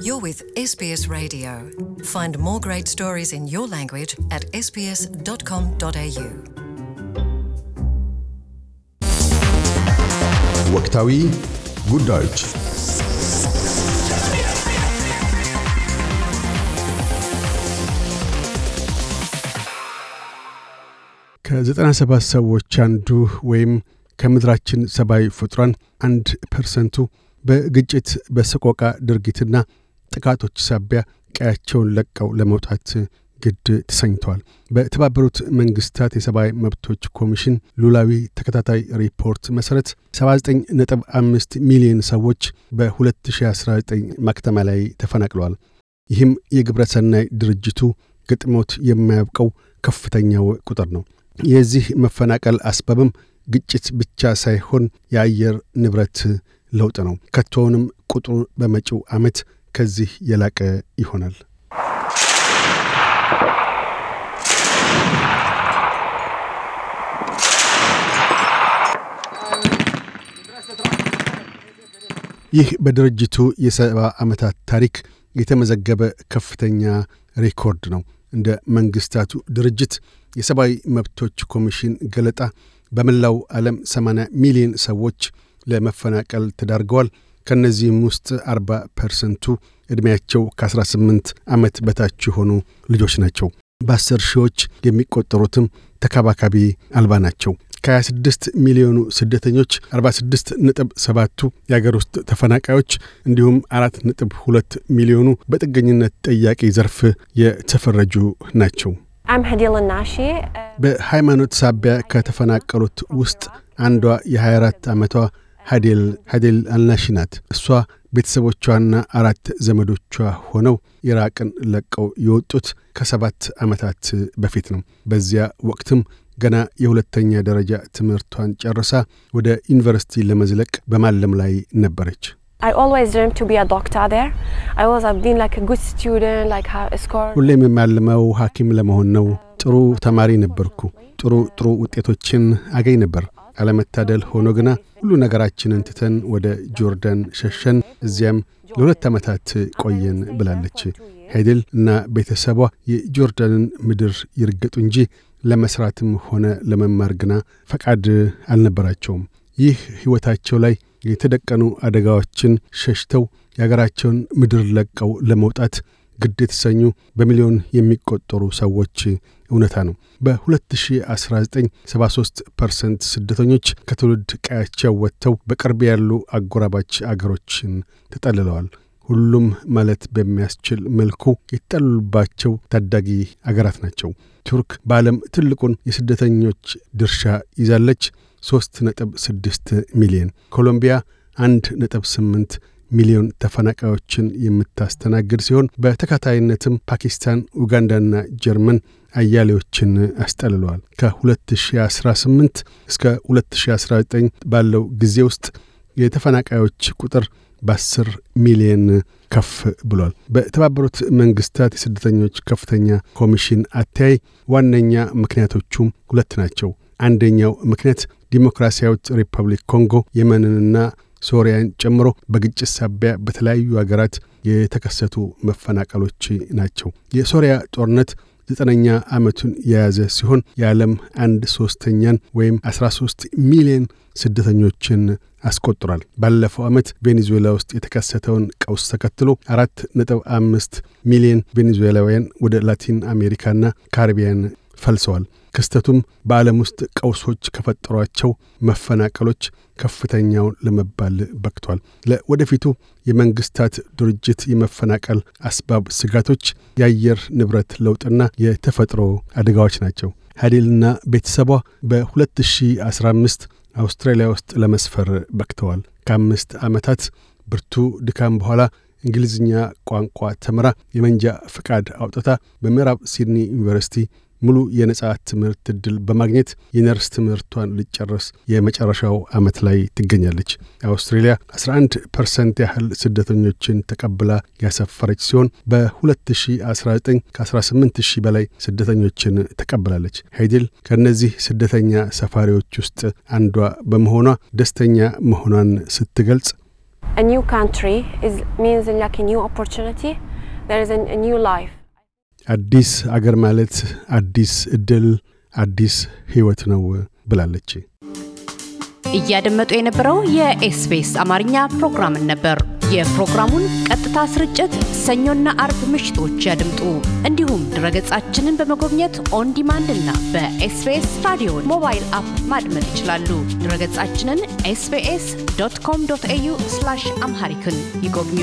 You're with SBS Radio. Find more great stories in your language at sbs.com.au. ወቅታዊ ጉዳዮች ከዘጠና ሰባት ሰዎች አንዱ ወይም ከምድራችን ሰብአዊ ፍጡራን አንድ ፐርሰንቱ በግጭት በሰቆቃ ድርጊትና ጥቃቶች ሳቢያ ቀያቸውን ለቀው ለመውጣት ግድ ተሰኝተዋል። በተባበሩት መንግስታት የሰብአዊ መብቶች ኮሚሽን ሉላዊ ተከታታይ ሪፖርት መሠረት 79.5 ሚሊዮን ሰዎች በ2019 ማክተማ ላይ ተፈናቅለዋል። ይህም የግብረ ሰናይ ድርጅቱ ግጥሞት የማያውቀው ከፍተኛው ቁጥር ነው። የዚህ መፈናቀል አስባብም ግጭት ብቻ ሳይሆን የአየር ንብረት ለውጥ ነው። ከቶውንም ቁጥሩ በመጪው ዓመት ከዚህ የላቀ ይሆናል። ይህ በድርጅቱ የሰባ ዓመታት ታሪክ የተመዘገበ ከፍተኛ ሬኮርድ ነው። እንደ መንግስታቱ ድርጅት የሰብአዊ መብቶች ኮሚሽን ገለጣ በመላው ዓለም 80 ሚሊዮን ሰዎች ለመፈናቀል ተዳርገዋል። ከእነዚህም ውስጥ 40 ፐርሰንቱ ዕድሜያቸው ከ18 ዓመት በታች የሆኑ ልጆች ናቸው። በአስር ሺዎች የሚቆጠሩትም ተካባካቢ አልባ ናቸው። ከ26 ሚሊዮኑ ስደተኞች 46 ነጥብ ሰባቱ የአገር ውስጥ ተፈናቃዮች እንዲሁም 4 ነጥብ 2 ሚሊዮኑ በጥገኝነት ጠያቂ ዘርፍ የተፈረጁ ናቸው። uh, በሃይማኖት ሳቢያ ከተፈናቀሉት ውስጥ አንዷ የ24 ዓመቷ ሀዴል ሀዴል አልናሺ ናት። እሷ ቤተሰቦቿና አራት ዘመዶቿ ሆነው ኢራቅን ለቀው የወጡት ከሰባት ዓመታት በፊት ነው። በዚያ ወቅትም ገና የሁለተኛ ደረጃ ትምህርቷን ጨርሳ ወደ ዩኒቨርሲቲ ለመዝለቅ በማለም ላይ ነበረች። ሁሌም የማልመው ሐኪም ለመሆን ነው። ጥሩ ተማሪ ነበርኩ። ጥሩ ጥሩ ውጤቶችን አገኝ ነበር። አለመታደል ሆኖ ግና ሁሉ ነገራችንን ትተን ወደ ጆርዳን ሸሸን። እዚያም ለሁለት ዓመታት ቆየን ብላለች ሄድል እና ቤተሰቧ የጆርዳንን ምድር ይርገጡ እንጂ ለመስራትም ሆነ ለመማር ግና ፈቃድ አልነበራቸውም። ይህ ሕይወታቸው ላይ የተደቀኑ አደጋዎችን ሸሽተው የአገራቸውን ምድር ለቀው ለመውጣት ግድ የተሰኙ በሚሊዮን የሚቆጠሩ ሰዎች እውነታ ነው። በ2019 73 ፐርሰንት ስደተኞች ከትውልድ ቀያቸው ወጥተው በቅርብ ያሉ አጎራባች አገሮችን ተጠልለዋል። ሁሉም ማለት በሚያስችል መልኩ የተጠሉባቸው ታዳጊ አገራት ናቸው። ቱርክ በዓለም ትልቁን የስደተኞች ድርሻ ይዛለች፣ 3 ነጥብ 6 ሚሊዮን። ኮሎምቢያ 1 ነጥብ 8 ሚሊዮን ተፈናቃዮችን የምታስተናግድ ሲሆን በተከታይነትም ፓኪስታን፣ ኡጋንዳና ጀርመን አያሌዎችን አስጠልለዋል። ከ2018 እስከ 2019 ባለው ጊዜ ውስጥ የተፈናቃዮች ቁጥር በ10 ሚሊየን ከፍ ብሏል። በተባበሩት መንግስታት የስደተኞች ከፍተኛ ኮሚሽን አተያይ ዋነኛ ምክንያቶቹም ሁለት ናቸው። አንደኛው ምክንያት ዲሞክራሲያዊት ሪፐብሊክ ኮንጎ የመንንና ሶሪያን ጨምሮ በግጭት ሳቢያ በተለያዩ አገራት የተከሰቱ መፈናቀሎች ናቸው። የሶሪያ ጦርነት ዘጠነኛ ዓመቱን የያዘ ሲሆን የዓለም አንድ ሶስተኛን ወይም 13 ሚሊዮን ስደተኞችን አስቆጥሯል። ባለፈው ዓመት ቬኔዙዌላ ውስጥ የተከሰተውን ቀውስ ተከትሎ አራት ነጥብ አምስት ሚሊዮን ቬኔዙዌላውያን ወደ ላቲን አሜሪካና ካሪቢያን ፈልሰዋል። ክስተቱም በዓለም ውስጥ ቀውሶች ከፈጠሯቸው መፈናቀሎች ከፍተኛው ለመባል በቅቷል። ለወደፊቱ የመንግስታት ድርጅት የመፈናቀል አስባብ ስጋቶች የአየር ንብረት ለውጥና የተፈጥሮ አደጋዎች ናቸው። ሀዲልና ቤተሰቧ በ2015 አውስትራሊያ ውስጥ ለመስፈር በቅተዋል። ከአምስት ዓመታት ብርቱ ድካም በኋላ እንግሊዝኛ ቋንቋ ተምራ የመንጃ ፍቃድ አውጥታ በምዕራብ ሲድኒ ዩኒቨርሲቲ ሙሉ የነጻ ትምህርት እድል በማግኘት የነርስ ትምህርቷን ልጨረስ የመጨረሻው ዓመት ላይ ትገኛለች። አውስትሬሊያ 11 ፐርሰንት ያህል ስደተኞችን ተቀብላ ያሰፈረች ሲሆን በ2019 ከ18 ሺህ በላይ ስደተኞችን ተቀብላለች። ሄይድል ከእነዚህ ስደተኛ ሰፋሪዎች ውስጥ አንዷ በመሆኗ ደስተኛ መሆኗን ስትገልጽ A new country is, means like a new opportunity. There is a, a new life. አዲስ አገር ማለት አዲስ እድል፣ አዲስ ህይወት ነው ብላለች። እያደመጡ የነበረው የኤስቢኤስ አማርኛ ፕሮግራምን ነበር። የፕሮግራሙን ቀጥታ ስርጭት ሰኞና አርብ ምሽቶች ያድምጡ። እንዲሁም ድረገጻችንን በመጎብኘት ኦን ዲማንድ እና በኤስቢኤስ ራዲዮን ሞባይል አፕ ማድመጥ ይችላሉ። ድረገጻችንን ኤስቢኤስ ዶት ኮም ዶት ኤዩ አምሃሪክን ይጎብኙ።